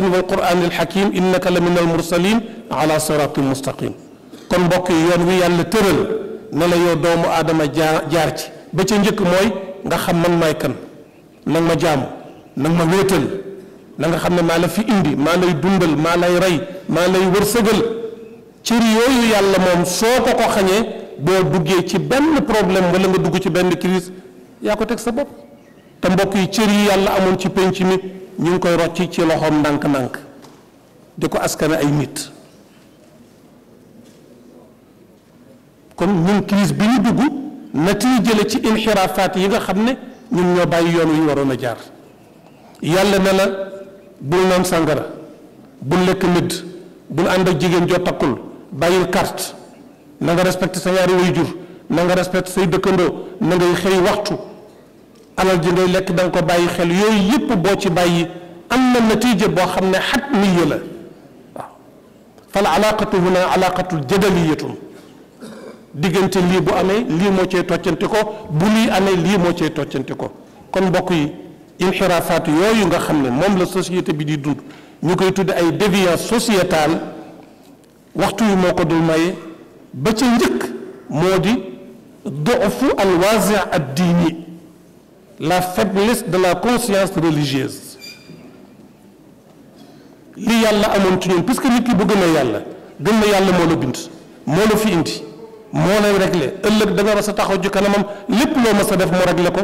ياسين والقران الحكيم انك لمن المرسلين على صراط مستقيم كون بوك يون وي يالا تيرل wi يو دومو ادم جارتي با تي aadama موي nga xam man may kan nang ma jam nang ma wetal na nga xam ne maa la fi indi maa lay dundal maa lay rey maa lay wërsëgal cër yooyu yàlla mom soko ko xagne xañee duggé ci ben problème wala nga dugg ci ben crise ya ko tek sa bop ta mbok yi ci yi yàlla amoon ci penc mi ñu ngi koy rocci ci loxoom ndànk-ndànk di ko askane ay nit kon ñun crise bi ñu dugg na tiy jële ci inxiraafaat yi nga xam ne ñun ñoo bàyyi yoonu wi ñu waroon a jaar yàlla ne la bul naan sàngara bul lekk mëdd bul ànd ak jigéen joo takkul bàyyil carte na nga respecté sa ñaari waajur na nga respecté say dëkkandoo na ngay xëy waxtu alal ji ngay lekk da ko bàyyi xel yooyu yëpp boo ci bàyyi am na natiija boo xam ne xatmiya la waaw fal alaaqatu huna alaaqatu jadaliyatun diggante lii bu amee lii moo cee toccante ko bu lii amee lii moo cee toccante ko kon mbokk yi inxiraafaat yooyu nga xam ne moom la société bi di dund ñu koy tudde ay déviance sociétale waxtu yu moo ko dul maye ba ca njëkk moo di dofu al waasi ad diini la faiblesse de la conscience religieuse li yàlla amoon ci ñun parce que nit ki bu a yàlla gën a yàlla moo la bind moo la fi indi moo lay réglé ëllëg da nga mas a taxaw ci kanamam lépp loo mas sa def mu réglé ko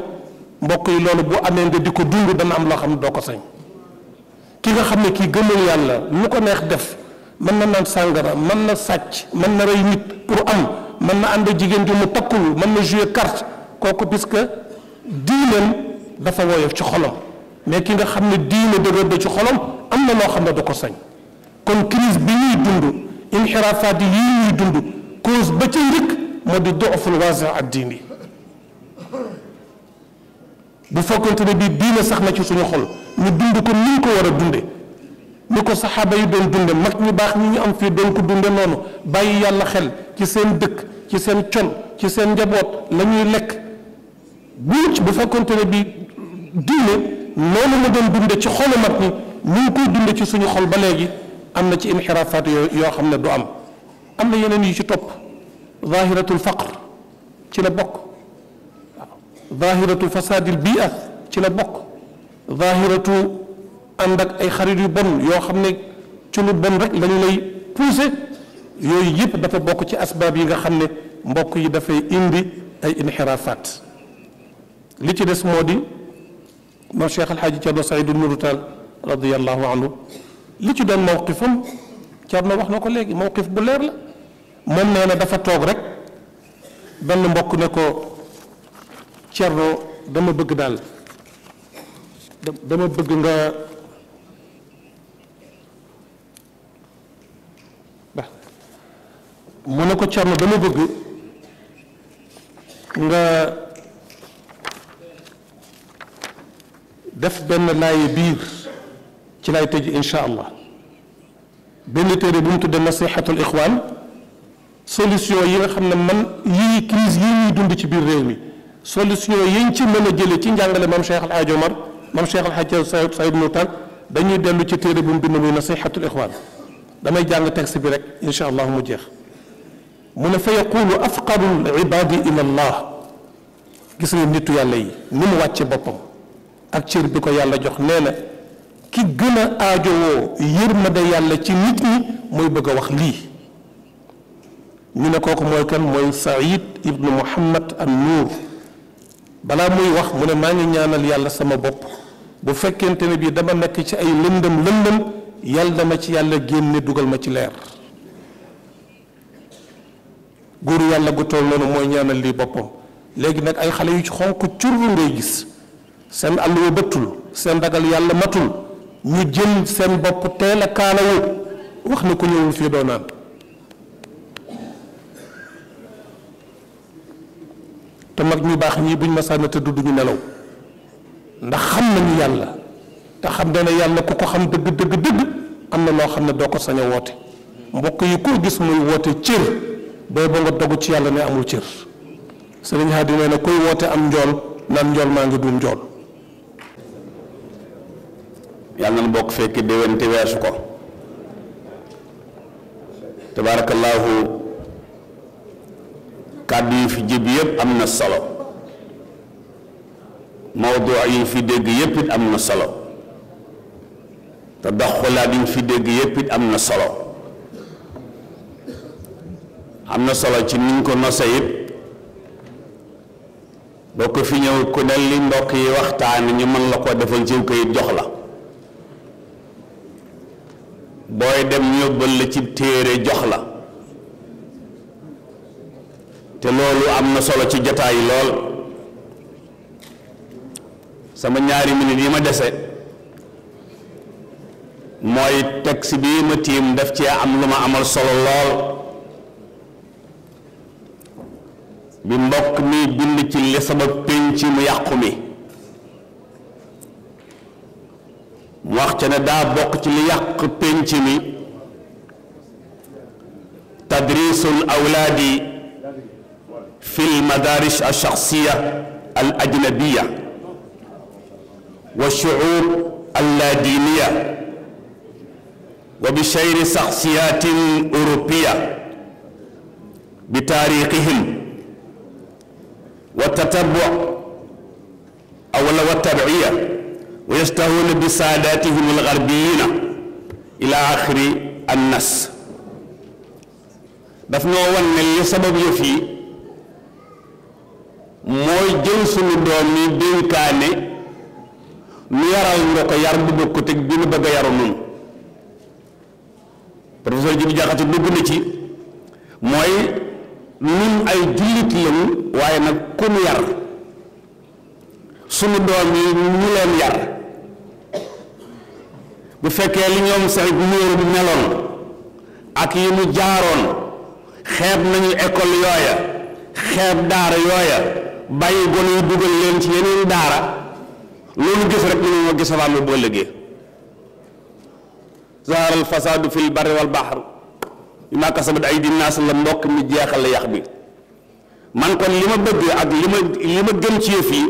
mbokk yi loolu bu amee di ko dund dana am loo xam ne doo ko sañ ki nga xam ne kii gëmul yàlla lu ko neex def mën na sàngara mën na sàcc mën na rey pour am mën na ànd jigéen ju mu takkul mën na jouer carte kooku puisque diineem dafa woyof ci xolom mais ki nga xam ne diine dëgër da ci xolom amna lo xamne xam du ko sañ kon crise bi ñuy dund inhirafat yi ñuy dund cause ba ci rek mo di dooful waasa ak diini bu fekkonte ne bi diina sax na ci suñu xol ñu dund ko ni ko wara dunde ni ko sahaba yi doon dunde mak ñu bax ñi ñu am fi doon ko dunde noonu bàyyi yàlla xel ci seen dëkk ci seen con ci seen njaboot lañuy lek bu ci bu fekkonte ne bi diina nonu mo doon dunde ci xolu mak ñi ñu ngi koy dund ci suñu xol ba léegi am na ci inxiraafaat yoo xam ne du am am na yeneen yi ci topp zahiratul faqr ci la bokk zahiratu fasadil bi'a ci la bokk zahiratu ànd ay xarit yu bon yoo xam ne ci lu bon rek lañu lay poussé yooyu yëpp dafa bokk ci asbaab yi nga xam ne mbokk yi dafay indi ay inxiraafaat li ci des moo di moom Cheikh Alxaaji Thierno Seydou Nourou Tall radiallahu anhu li ci doon mawqifun Thierno wax na ko léegi mawqif bu leer la mën nee na dafa toog rek benn mbokk ne ko Thierno dama bëgg daal dama bëgg nga mu ne ko Thierno dama bëgg nga def benn laaye biir ci lay tëj incha allah benn téere bu mu tudde nasihatul ixwaan solution yi nga xam ne man yii crise yi ñuy dund ci biir réew mi solution yiñ ci mën a jële ci njàngale maam Cheikh Alhaaj Omar maam Cheikh Alhaaj Saïd Saïd Moutal dañuy dellu ci téere bu mu bind muy nasihatul ixwaan damay jàng texte bi rek incha allah mu jeex mu ne fa yaqulu afqaru l ibadi ila allah gis nga nitu yàlla yi ni mu wàcce boppam ak cër bi ko yàlla jox nee na ki gëna aajo wo yërmande yàlla ci nit ñi mooy bëgg a wax lii ñu ne kooku mooy kan mooy Saïd ibnu Muhammad an Nuur balaa muy wax mu ne maa ngi ñaanal yàlla sama bopp bu fekkente ne bi dama nekk ci ay lëndëm lëndëm yàlla dama ci yàlla génne dugal ma ci leer góor yàlla gu toll noonu mooy ñaanal lii boppam léegi nag ay xale yu ci xonk curru ngay gis seen àll wa bëttul seen dagal yàlla matul ñu jël seen bopp teel a kaalawu wax na ko ñëwul fii doonaan te mag ñu baax ñii buñ ma te tëdd duñu nelaw ndax xam nañu yàlla te xam na ne yàlla ku ko xam dëgg dëgg dëgg am na loo xam ne doo ko sañ woote mbokk yi koo gis muy woote cër booy ba nga dogu ci yàlla ne amul cër sëriñ Hadi nee na koy woote am njool naan njool maa ngi duum njool يالنا بوك فيك ديوانتي ويرسو كو تبارك الله كادي في جيب ييب امنا الصلو موضوعي في ديغ ييب امنا الصلو تدخلات في ديغ ييب امنا الصلو amna solo ci ni ko nosayit bokk fi ñew ku ne li ndokk yi waxtaan ñu mën booy dem yóbbal la ci téere jox la te loolu am na solo ci jataay lool sama ñaari minit yi ma dese mooy texte bii ma tiim daf cee am lu ma amal solo lool bi mbokk mi bind ci li sabab ci mu yàqu mi wax ca ne daa bokk ci li yàq pénc mi tadrisul awlaadi fi lmadaris alshaxsiya al ajnabiya والشعوب اللادينية وبشير شخصيات أوروبية بتاريخهم والتتبع أو التبعية wa yastahuna bi saadatihim algarbiina ila axiri an nas daf noo wan ne li sabab yëf yi mooy jël sunu doom yi dénkaane nu yaral nga ko yar bu bokk teg bi nu bëgg yaru noonu professeur Jibi Jaxate dugg na ci mooy nun ay jullit lañu waaye nag ku yar sunu doom yi ñu leen yar bu fekkee li ñoom Saïd Nuur meloon ak yi mu jaaroon xeeb nañu école yooya xeeb daara yooya bàyyi gone yu dugal leen ci yeneen daara loolu gis rek ñu moo gisalaam yi bu ëllëgee zahara al fasaadu fil barri wal bahri bimaa kasabat aydi naas la mbokk mi jeexal la yax bi man kon li ma bëgg ak li ma li ma gën ci yëf yi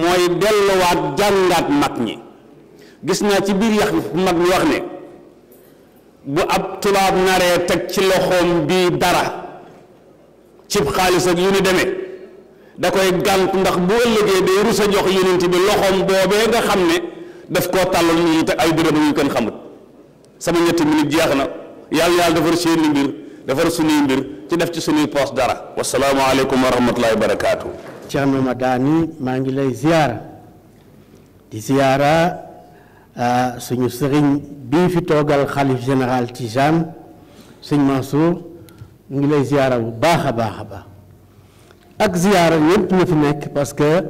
mooy delluwaat jàngaat mag ñi gisna ci bir yakh bu mag ni wax ne bu ab tulab nare tek ci loxom bi dara ci xaalis ak yuni demé da koy gant ndax bu ëllëgee dé rus a jox yonent bi loxom bobé nga xamné daf ko talal ni tak ay dëgg bu ñu kenn xamut sama ñetti minit jeexna na yàlla yàlla defar seeni mbir defar suñuy mbir ci def ci suñu poste dara wa salaamu alaykum wa rahmatullahi wa barakaatu. Thierno Madani ma ngi lay ziyara di ziyara suñu sëriñ bii fi toogal xalif général Tijane sëñ Mansour ñu ngi lay ziyaara bu baax a baax a baax ak ziyaara ñëpp ñu fi nekk parce que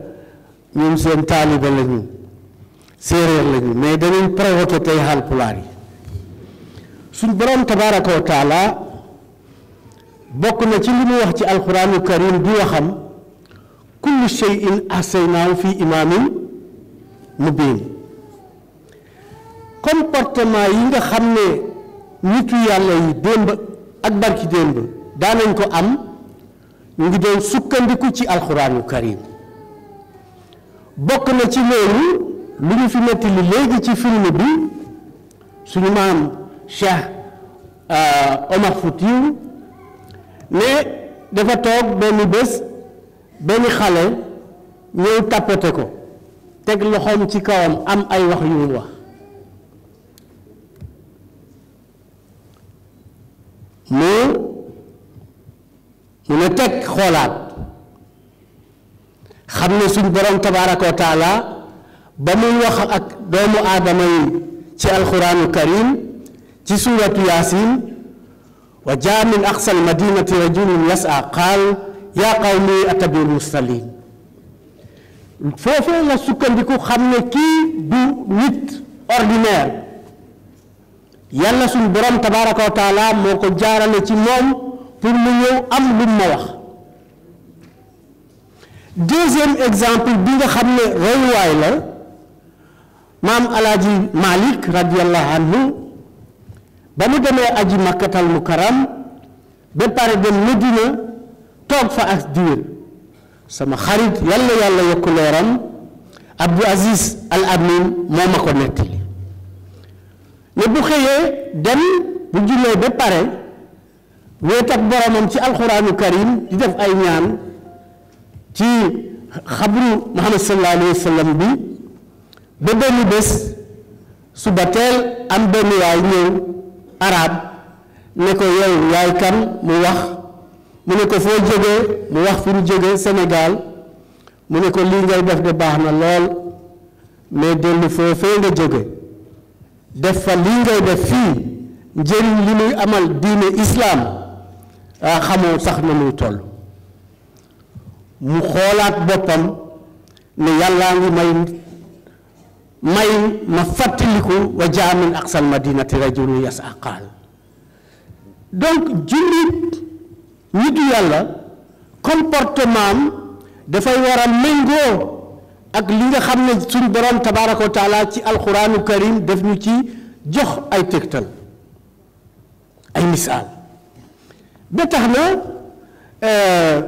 ñoom seen taalibe lañu séeréer lañu mais dañuy provoqué tey Haalpulaar yi suñ borom tabaaraka wa taala bokk na ci li mu wax ci alquraanu karim di waxam kullu shay'in ahsaynaahu fi imaamin mubiin comportement yi nga xam ne nitu yàlla yi démb ak barki démb daanañ ko am mu ngi doon sukkandiku ci alxuraanu karim bokk na ci loolu lu ñu fi nettali léegi ci film bi suñu maam Cheikh euh, Omar Foutiyou ne dafa toog benn bés benn xale ñëw tàppate ko teg loxoom ci kawam am ay wax yu mu wax mu mu ne teg xoolaat xam ne suñ borom tabaaraka wa taala ba muy wax ak doomu aadama yi ci alquraanul karim ci suuratu yaasin wa jaa min aqsal madinati rajulun yas'a qaal yaa qawmi atabiul mursalin foofee la sukkandiku xam ne kii du nit ordinaire yàlla suñ borom tabaraka wa taala moo ko jaarale ci moom pour mu ñëw am lu ma wax deuxième exemple bi nga xam ne royuwaay la maam alaaji malik radiallahu anhu ba mu demee aji makkatal mukaram ba pare dem medina toog fa ak diir sama xarit yàlla yàlla yokku leeram abdou aziz al amin moo ma ko nettali ne bu xëyee dem bu jullee ba pare wéet ak boromam ci alxuraanu karim di def ay ñaan ci xabru muhammad sallallahu alayhi bi ba benn bés suba teel am benn waay ñëw arab ne ko yow yaay kan mu wax mu ne ko foo jógee mu wax fi mu jógee Sénégal mu ne ko lii ngay def de baax na lool mais dellu foofee nga jóge def fa lii ngay def fii njëriñ li muy amal diine islaam a ah, xamoo sax na muy toll mu xoolaat boppam ne yàllaa ngi may may ma fàttaliku wa jaamin aqsal madinati rajulu yasa qaal donc jullit nitu yàlla comportement am dafay war a ak li nga xam ne suñ borom tabaaraka wa taala ci alquraanu karim def ñu ci jox ay tegtal ay misaal ba tax euh,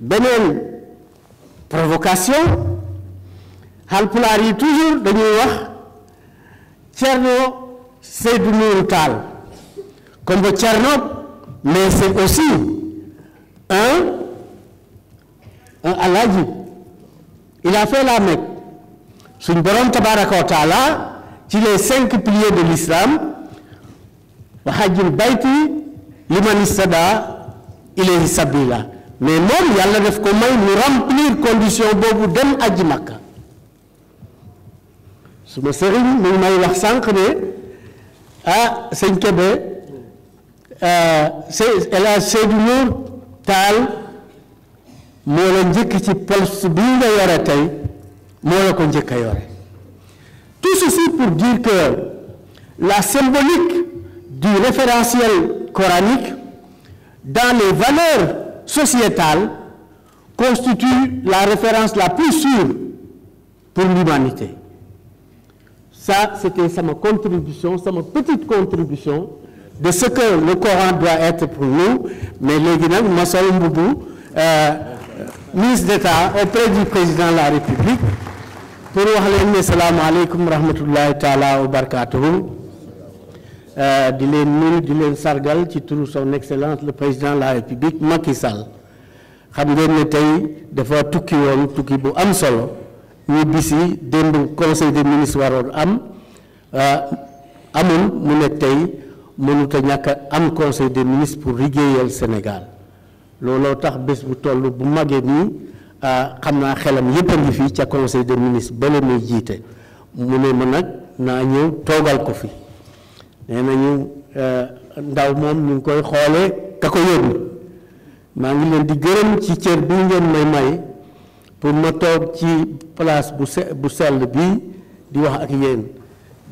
beneen provocation halpulaar yi toujours dañuy wax Thierno Seydou Nourou Tall comme ba Thierno mais c'est aussi un il a fait la Mecque suñ borom tabaraka wa taala ci les cinq piliers de l'islam wa hajjil bayti liman istada ilayhi sabila mais moom yalla def ko may ni remplir condition bobu dem aji makka su ma sëriñ may wax sànq ne ah sëñ Kébé euh, El c'est Seydou Nour tout ceci pour dire que la symbolique du référentiel coranique dans les valeurs sociétales constitue la référence la plus sûre pour l'humanité. Ça, c'était ma contribution, c'est ma petite contribution de ce que le Coran doit être pour nous. Mais les Guinéens, Mboubou, euh, ministre d'État auprès du président de la République pour wax donner Salam rahmatullahi euh, sargal son excellence le président de la République Macky Sall xam Je ne tout dafa tukki tukki bu am solo ñu bisi conseil des ministres am euh, amul conseil des ministres pour Sénégal lolo tax bés bu toll bu magee nii ah, xam naa xelam yépp a ngi fii ca conseil des ministres bale muy jiite mu ne ma nag naa ñëw toogal ko fi nee nañu ah, ndaw moom ñu ngi koy xoolee ka ko yóbbu maa ngi leen di gërëm ci cër bi ngeen may may pour ma toog ci place bu bu sell bi di wax ak yéen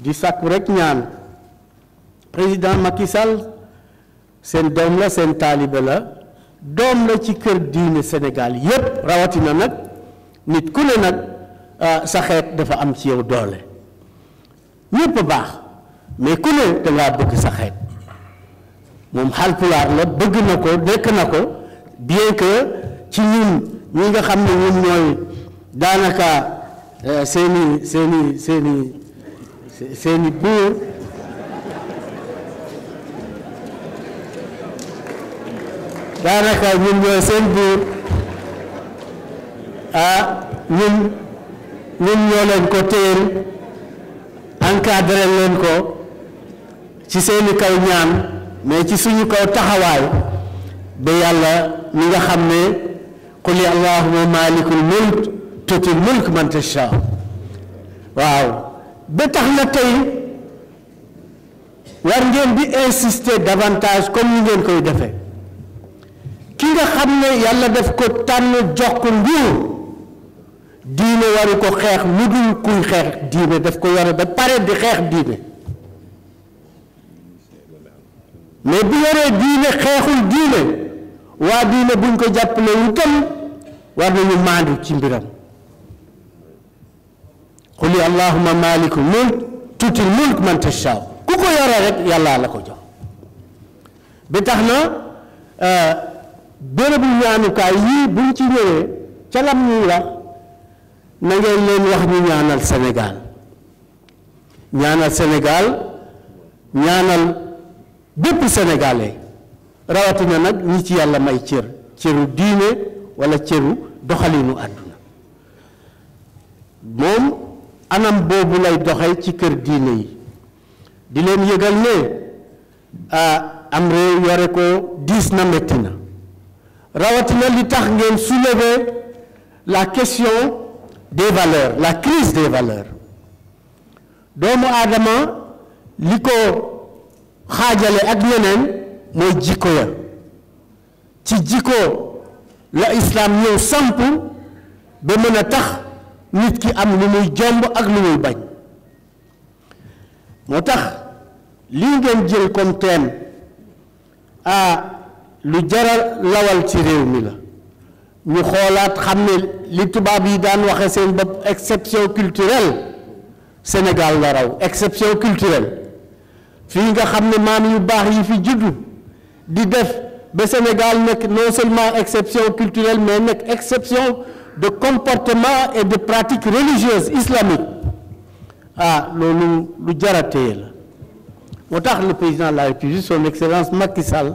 di sakku rek ñaan président Macky Sall seen doom la seen taalibe doom la ci kër diine Sénégal yépp rawatina nag nit ku nag euh, sa xeet dafa am ci yow doole ñépp baax mais ku ne dangaa bëgg sa xeet moom xalpulaar la bëgg na ko nekk na ko bien que ci ñun ñi nga xam ne ñun ñooy daanaka euh, seeni seeni seeni seeni buur daanaka ñun ñooy seen biir ah ñun ñun ñoo leen ko téyel encadré leen ko ci seeni kaw ñaan mais ci suñu kaw taxawaay ba yàlla mi nga xam ne quli allahuma malikul mulk tuti mulk man tasha waaw ba tax na tey war ngeen di insister davantage comme ni ngeen koy defee ki nga xam ne yàlla daf ko tànn jox ko nguur diine waru ko xeex lu dul kuy xeex diine daf ko yore ba pare di xeex diine mais bu yoree diine xeexul diine waa diine buñ ko jàppale wu tam war nañu maandu ci mbiram xuli allahuma malikul mulk tuutil mulk man tashaa ku ko yore rek yàllaa la ko jox bi tax na euh, bérébu ñaanukaay yii buñ ci ñëwee ca lam ñuy wax na ngeen leen wax ñu ñaanal Sénégal ñaanal bépp sénégalais rawatina nag ñi ci yàlla may cër cëru diine wala cëru doxalinu àdduna moom anam boobu lay doxe ci kër diine yi di leen yëgal ne ah, am réew yore ko diis na metti na rawatina li tax ngeen soulever la question des valeurs la crise des valeurs do aadama li liko xaajale ak yeneen mooy jikko ya ci jikko la islam ñëw samp ba mën a tax nit ki am lu muy jomb ak bañ comme thème lu jaral lawal ci réew mi la ñu xoolaat xam les li tubaab yi daan waxe seen bopp exception culturelle Sénégal la raw exception culturelle fii nga xam ne maam yu baax yi fi juddu di def ba Sénégal nekk non seulement exception culturelle mais exception de comportement et de pratiques religieuses islamiques ah loolu lu jaratee la moo le président de la République son excellence Macky Sall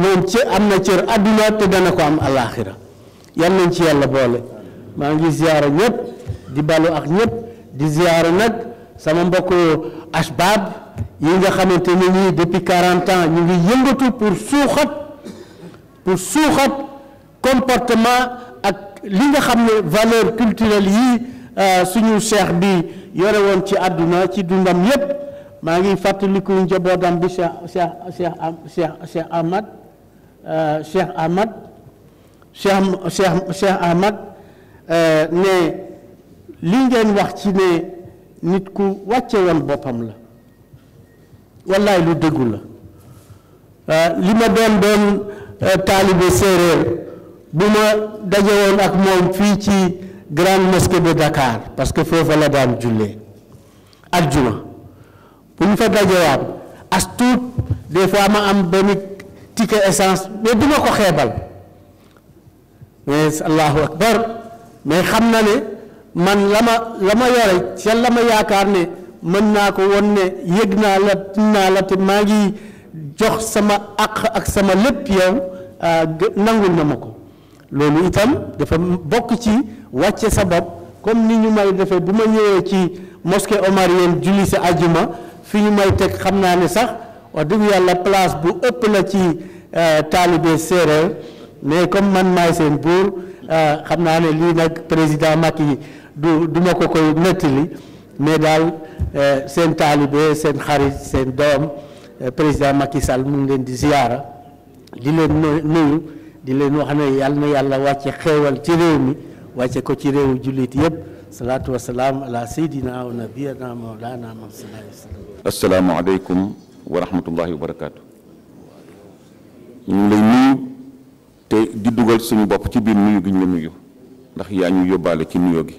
moom ci am na cër adduna te dana ko am alaaxira yal nañ ci yàlla boole maa ngi ziyaara ñëpp di balu ak ñëpp di ziyaara nag sama mbokk ashbaab yi nga xamante ne nii depuis quarante ans ñu ngi yëngatu pour suuxat pour suuxat comportement ak li nga xam ne valeur culturelle yi euh, suñu cheikh bi yore woon ci àdduna ci dundam yëpp maa ngi fàttaliku njabootam bi cheikh cheikh cheikh cheikh cheikh ahmad Euh, Cheikh Ahmad Cheikh Cheikh Cheikh Ahmad euh, ne li ngeen wax ci ne nit ku wàcce woon boppam la wallaay lu dëggu la euh, li ma doon doon taalibe séeréer bu ma daje woon ak moom fii ci grande mosquée de Dakar parce que foofa la daan jullee aljuma bu ñu fa dajewaat as tuut ma am benn ticket essence mais du ko xeebal mais allahu akbar mais xam na ne man la ma la ma yore ca la ma yaakaar ne mën naa ko woon ne yëg naa la naa la te maa ngi jox sama àq ak sama lépp yow ah, nangul na ma ko loolu itam dafa bokk ci wàcce sa bopp comme ni ñu may defee bu ma ñëwee ci mosquée omarienne julli sa ajuma fi ñu may teg xam naa ne sax ودي على بلاس بو اوبلتي طالبي سيرل مي كوم من ماي سين بور خمنا ني لي نك بريزيدان ماكي دو دوماكو كوي نتيلي مي دال سين طالبي سين خريج سين دوم بريزيدان ماكي سال مون لين دي زياره دي لين نويو دي لين واخ ني يال ني يالا واتي خيوال تي ريمي واتي كو تي ريو جوليت ييب صلاه والسلام على سيدنا ونبينا مولانا محمد صلى الله عليه وسلم السلام عليكم wa rahmatullahi wa barakaatu ñu lay nuyu te di dugal suñu bopp ci biir nuyu gi ñu la nuyu ndax yaa ñu yóbbaale ci nuyoo gi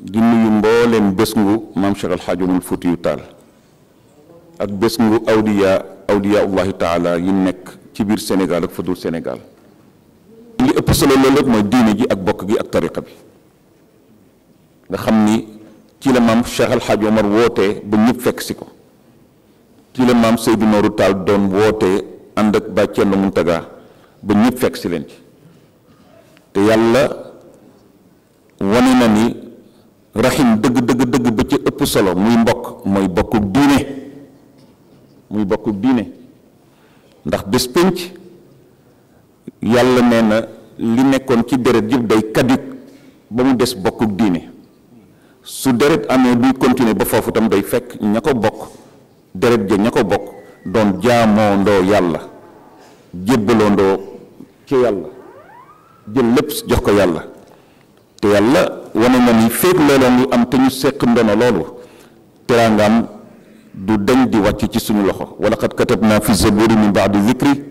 di nuyu mbooleem bés ngu maam Cheikh Alxaaji Umar Fuutiyu ak bés ngu awliya awliya ullahi taala nekk ci biir Sénégal ak fa dul Sénégal li ëpp solo loolu mooy diine ji ak bokk gi ak tariqa bi nga xam ni ci la maam Cheikh Alxaaji wootee ba ñëpp fekk si ko ci le mam Seydou nooru tal doon woote ànd ak Baye Thierno muntaga ba ñëpp fekk si leen ci te yàlla wane na ni rahim dëgg dëgg dëgg ba ci ëpp solo muy mbokk mooy bokku diine muy bokku diine ndax bés pénc yàlla nee na li nekkoon ci deret yëpp day kadit ba mu des bokku diine su deret amee buy continuer ba foofu tam day fekk ña ko bokk deret ja ña ko bokk doon jaamoo ndoo yàlla jébbaloo ndoo ci yàlla jël lépp jox ko yàlla te yàlla wane na ni féeg looloo ngi am te ñu seq ndono loolu teraangaam du dañ di wàcc ci suñu loxo wa laqad katabna fi zaburi min baadi zikri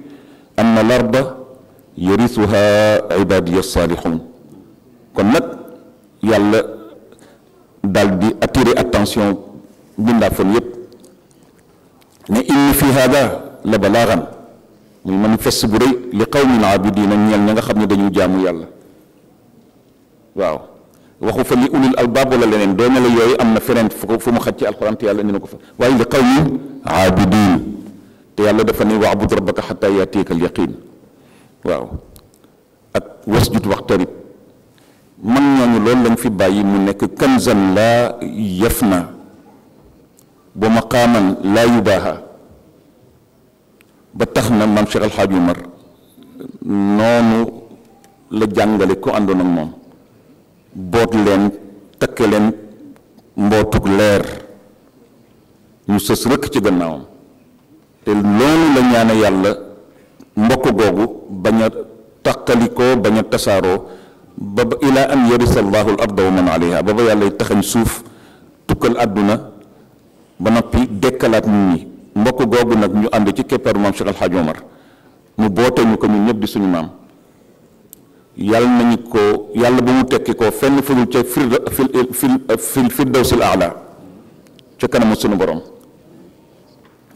anna larda yarisuha ibadiya salihun kon nag yàlla daal di attirer attention bindaa fan yëpp ان في هذا لبلاغا من مانيفست بري لقوم العابدين نيال نيغا خامني دانيو جامو يالا واو واخو فلي اولي الالباب ولا لنين دوما لا يوي امنا فنن فمو خاج القران تي يالا ني نكو لقوم عابدين تي يالا دافني واعبد ربك حتى ياتيك اليقين واو اك وسجد واقترب من نيو يعني في باي مو نيك كنزا لا يفنى ومقاما لا يباهى ba tax na maam Cheikh Al Hadj Umar noonu la jàngale ko àndoon ak moom boot leen takke leen mbootug leer ñu sës rëkk ci gannaawam te loolu la ñaane yàlla mbokk googu bañ a taqalikoo bañ a tasaaroo ba ba ilaa an yarisa allahu al arda wa man alayha ba ba yàlla taxañ suuf tukkal àdduna ba noppi dekkalaat nit ñi mbokk googu nag ñu ànd ci keppeeru maam Cheikh Al Hadj Omar mu boote ñu ko ñun ñëpp di suñu maam yàlla nañu ko yàlla ba mu tekki ko fenn fudul ca fir fil fil firdawsil aala ca kanamu suñu borom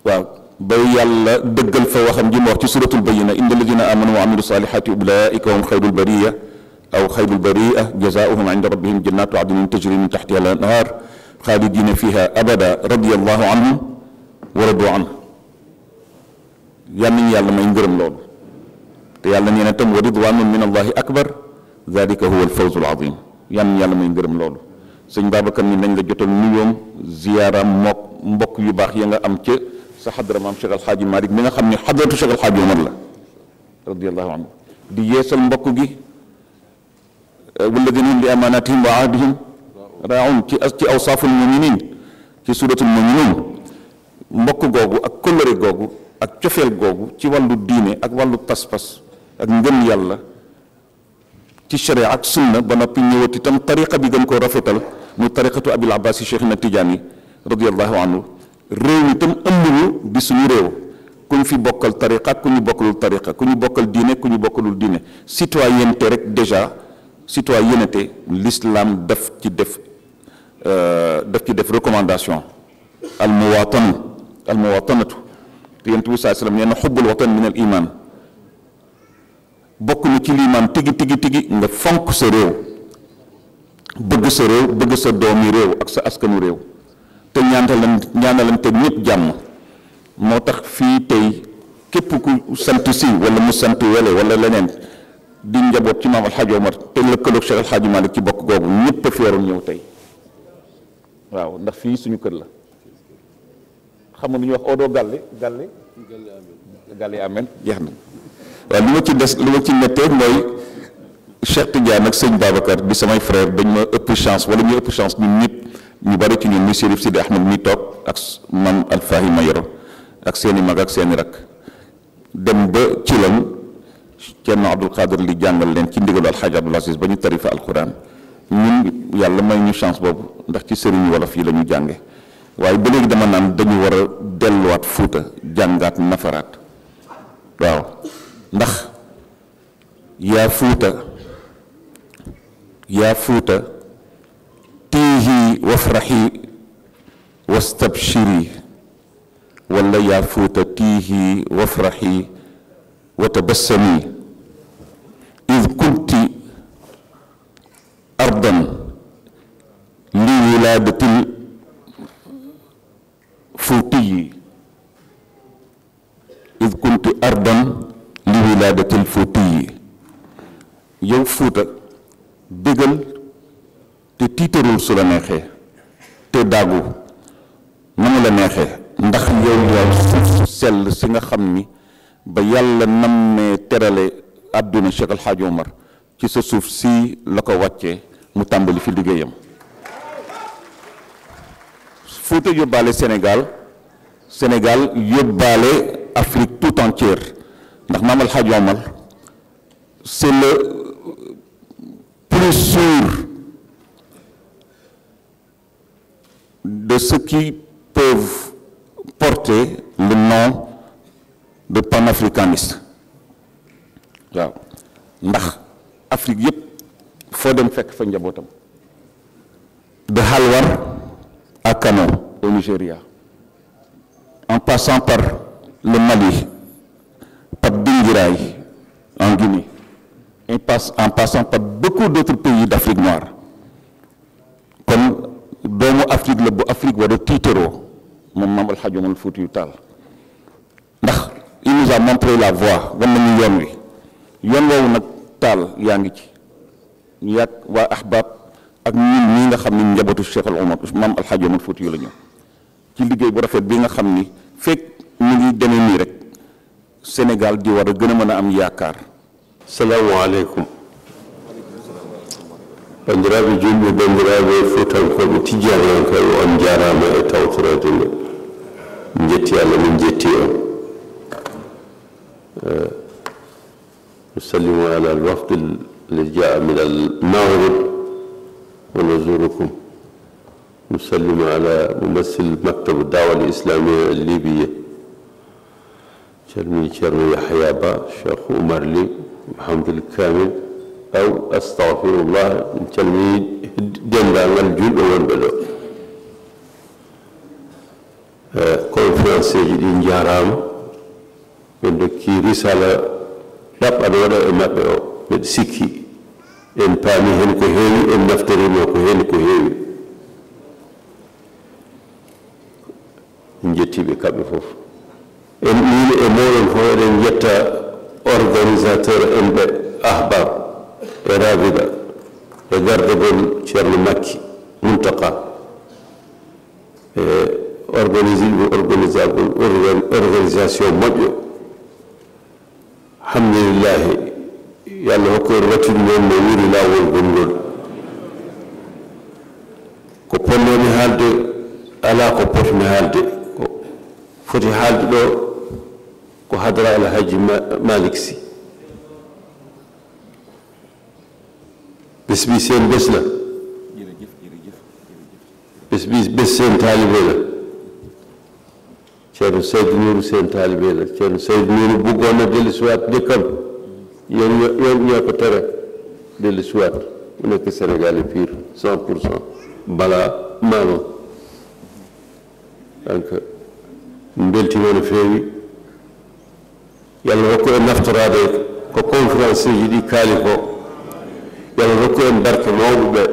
waaw ba yàlla dëggal fa waxam ji mu wax ci suratul bayina inna alladina amanu wa amilu salihati ulaika hum xayrul bariya aw xayrul baria jazaohum inda rabbihim jannatu adnin tajri min taxtiha al anhar خالدين فيها أبدا رضي الله عنهم ورضوا عنه يعني يالله ما ينقرم لول يالله نينتم ورضوان من الله أكبر ذلك هو الفوز العظيم يعني يالله ما ينقرم لول سيد بابا كان من نجد جتل نيوم زيارة موك موك يباخ ينغ أمتي سحضر مام شغل حاج مالك من خمني حضرت شغل حاج عمر رضي الله عنه دي يسل موكو جي والذين لأماناتهم وعهدهم raaun ci ci awsaaful muminin ci suuratul muminun mbokk googu ak kóllëre googu ak cofeel googu ci wàllu diine ak wàllu pas-pas ak ngëm yàlla ci sharia ak sunna ba noppi ñëwati itam tariqa bi gën koo rafetal mu tariqatu abil abbas yi cheikhina tijaani radiallahu anhu réew mi itam ëmb di suñu réew ku ñu fi bokkal tariqa ku ñu bokkalul tariqa ku ñu bokkal diine ku ñu bokkalul diine citoyenneté rek déjà citoyenneté l'islam def ci def daf ci def recommandation al muwatanu al muwatanatu te yonent bi saa sallam nee na xubbul watan min al iman bokk na ci liimaan tigi tigi tigi nga fonk sa réew bëgg sa réew bëgg sa doomi réew ak sa askanu réew te ñaantalan ñaanalante ñëpp jàmm moo tax fii tey képp ku sant si wala mu sant wele wala leneen di njaboot ci maam alxaaj Omar te lëkkaloog Cheikh alxaaji Malik ci bokk googu ñëpp a fi waroon ñëw tey waaw ndax fii suñu kër la xam nga lu ñuy wax odo gàlle gàlle gàlle amen jeex na waaw lu ma ci des lu ma ci méttee mooy Cheikh Tidiane ak sëñ Babacar bi samay frère dañ ma ëpp chance wala ñu ëpp chance ñun ñëpp ñu bari ci ñun muy Chérif Sidi Ahmed mi toog ak mam Alfahi Mayoro ak seeni mag ak seeni rak dem ba ci lan Ceerno Abdul Qadir li jàngal leen ci ndigalu Alxaaji Abdul Aziz ba ñu tarifa alquran ñun yàlla may ñu chance boobu ndax ci sëriñ wolof yi la ñu jànge waaye ba léegi dama naan dañu war a delluwaat fuuta jàngaat nafaraat waaw ndax yaa fuuta yaa fuuta tiihi wafraxi wastabshiri wala yaa fuuta tiihi wafraxi watabassami id kunti أرضا لولادة الفوطي إذ كنت أرضا لولادة الفوطي يو فوت بغل تتيترول سولا نيخي تداغو نمو لا نيخي ndax yow yow sel si nga xamni ba yalla namme terale qui se suuf si la ko wàcce mu tàmbali fi liggéeyam Fouta yóbbaale Sénégal Sénégal yóbbaale Afrique tout entière ndax mamal El c'est le plus sûr de ceux qui peuvent porter le nom de panafricaniste waaw ndax Afrique foo dem fekk fa de Halwar à Kano au Nigeria en passant par le Mali par Bingiraï en Guinée en passant par beaucoup d'autres pays d'Afrique noire comme doomu Afrique le bu Afrique il nous a montré la voie taal yaa ngi ci ñu yàgg waa ahbaab ak ñun ñii nga xam ne njabootu Cheikh al Omar maam Alxaaji Omar Fuutiyu la ñu ci liggéey bu rafet bii nga xam ni fekk mu ngi demee nii rek Sénégal di war a gën a mën a am yaakaar salaamaaleykum banndiraaɓe julɓe banndiraaɓe fotankoɓe tijjanankoɓe on jaaraama e tawtorede nde min jetti allah min jetti on نسلم على الوفد الذي جاء من المغرب ونزوركم نسلم على ممثل مكتب الدعوة الإسلامية الليبية شرمي شرمي يحيى با شيخ عمر لي محمد الكامل أو أستغفر الله من شرمي دندا الجن والبلو كونفرنس جديد جارام عندك رسالة yaɓɓano waɗa e maɓɓe o mbeɗe sikki en paami hen ko heewi en naftarima ko heen ko heewi en jettiɓe kamɓe fof en ɓiino e moɗon hooɗen yetta organisateur en ɓe ahbab e ravida e garde gon ceerno makki muntaqa e organisé ɗum organisa organisation moƴƴo الحمد لله يلا وكل رتب من نور لا والبنور كفن من هالد على كفر من هالد فتي هالد لو كهدر على هج مالكسي بس بيسين بسنا بس بيس بسين تالي بيسين un Thierno Seydou Nourou seen taalibe la Thierno Seydou Nourou bëggoon na dellusiwaat dëkkam yoon yoon ñoo ko tere dellusiwaat mu nekk Sénégal pur cent pour cent balaa maama donc mbeltinoon feewi yalla rokku en naftorade ko conférence ji ɗi kaali ko yalla un en barke mawɓe ɓe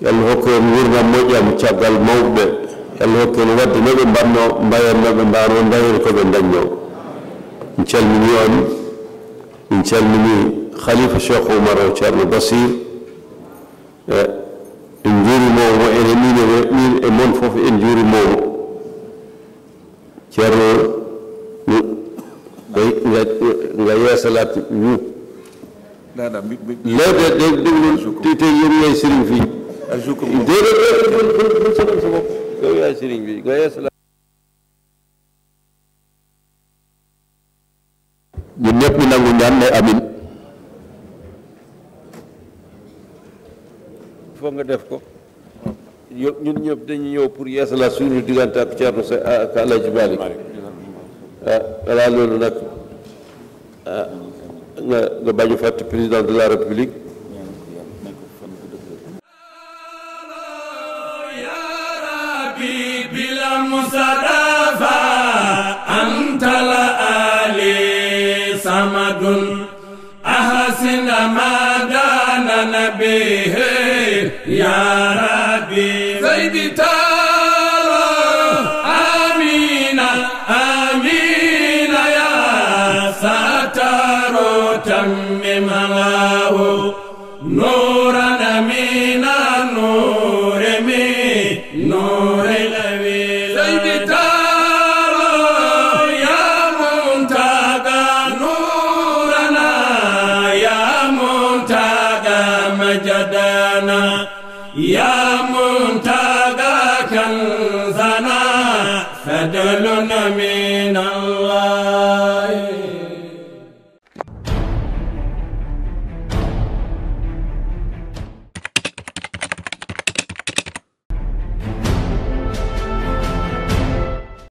yalla hokku en wurdam moƴƴam un mawɓe ɓe الوكل ود نبي برنو مباير نبي بارو مباير كذا دنيو إن شاء المليون إن شاء هناك خليفة شيخ عمر وشارل بصير إنجوري مو وإلمين مين منفوف إنجوري مو شارل غير صلاة يو لا لا لا لا لا لا لا لا لا لا لا لا لا لا لا yow yaay sëriñ bi nga yees la ñun ñëpp ñu nangu ñaan ne amin foog nga def ko ñun ñëpp dañu ñëw pour yees la suñu diggante ak Ceerno sa ah, ak Alaaji Maalik ah balaa loolu nag ah, nga bañu fàtte président de la république tala ali samadun ahsin ma dana nabihi ya rabbi zaydita